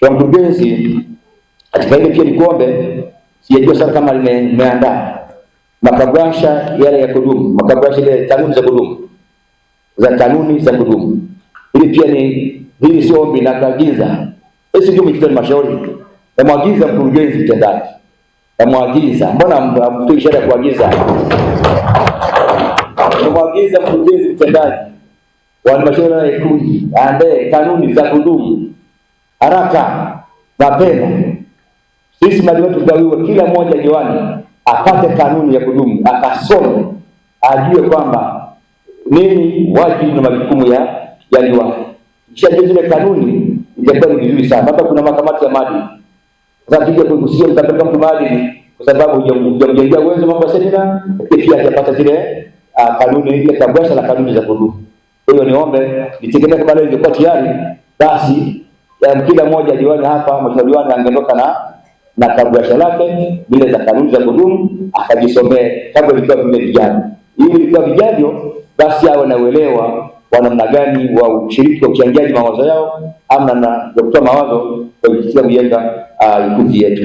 Kwa mkurugenzi, katika ile pia likombe sijajua sana kama limeandaa makabrasha yale ya kudumu, makabrasha yale kanuni za kudumu za kanuni za kudumu. Ili pia ni hili sio ombi la kuagiza, sisi ndio mkutano mashauri na mwagiza mkurugenzi mtendaji na mwagiza, mbona mtu ishara ya kuagiza, mwagiza mkurugenzi mtendaji wa halmashauri ya Ikungi aandae kanuni za kudumu haraka mapema. Sisi mali wetu gawiwe, kila mmoja jiwani apate kanuni ya kudumu, akasome, ajue kwamba nini wajibu na majukumu ya ya diwani. Kishajua zile kanuni, itakuwa ni vizuri sana. Hapa kuna makamati ya maadili, sasa kija kusikia mtapeka mtu maadili kwa sababu hujamjengea uwezo mambo ya semina, lakini pia hajapata zile ah, kanuni ile kabwasha na kanuni za kudumu. Kwa hiyo niombe, nitegemee kama leo ingekuwa tayari basi yani kila mmoja diwani hapa, mheshimiwa diwani angetoka na na kabrasha lake bila za kanuni za kudumu akajisomee kabla vikiwa vile vijana Hivi vikiwa vijavyo, basi awe na uelewa wa namna gani wa ushiriki wa uchangiaji mawazo yao ama na kutoa mawazo kwa kujenga uh, ikundi yetu.